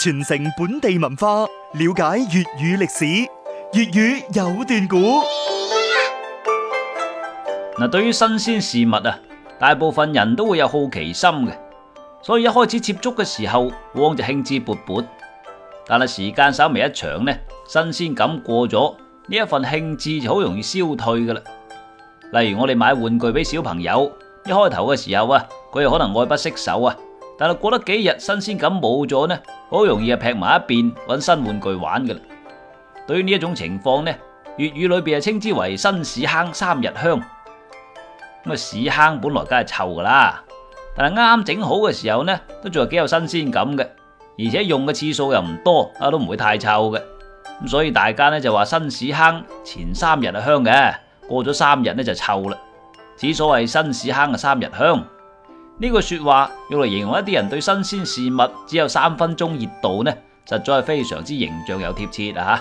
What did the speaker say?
傳承本地文化，了解粵語歷史，粵語有段古。嗱， 對於新鮮事物啊，大部分人都會有好奇心嘅，所以一開始接觸嘅時候，往往就興致勃勃。但係時間稍微一長呢，新鮮感過咗，呢一份興致就好容易消退噶啦。例如我哋買玩具俾小朋友，一開頭嘅時候啊，佢又可能愛不釋手啊。但係過得幾日，新鮮感冇咗呢，好容易啊劈埋一邊，搵新玩具玩噶啦。對於呢一種情況呢，粵語裏邊係稱之為新屎坑三日香。咁啊屎坑本來梗係臭噶啦，但係啱啱整好嘅時候呢，都仲係幾有新鮮感嘅，而且用嘅次數又唔多，啊都唔會太臭嘅。咁所以大家呢就話新屎坑前三日係香嘅，過咗三日呢就臭啦。此所謂新屎坑啊三日香。呢句說話用嚟形容一啲人對新鮮事物只有三分鐘熱度呢，實在係非常之形象又貼切啊！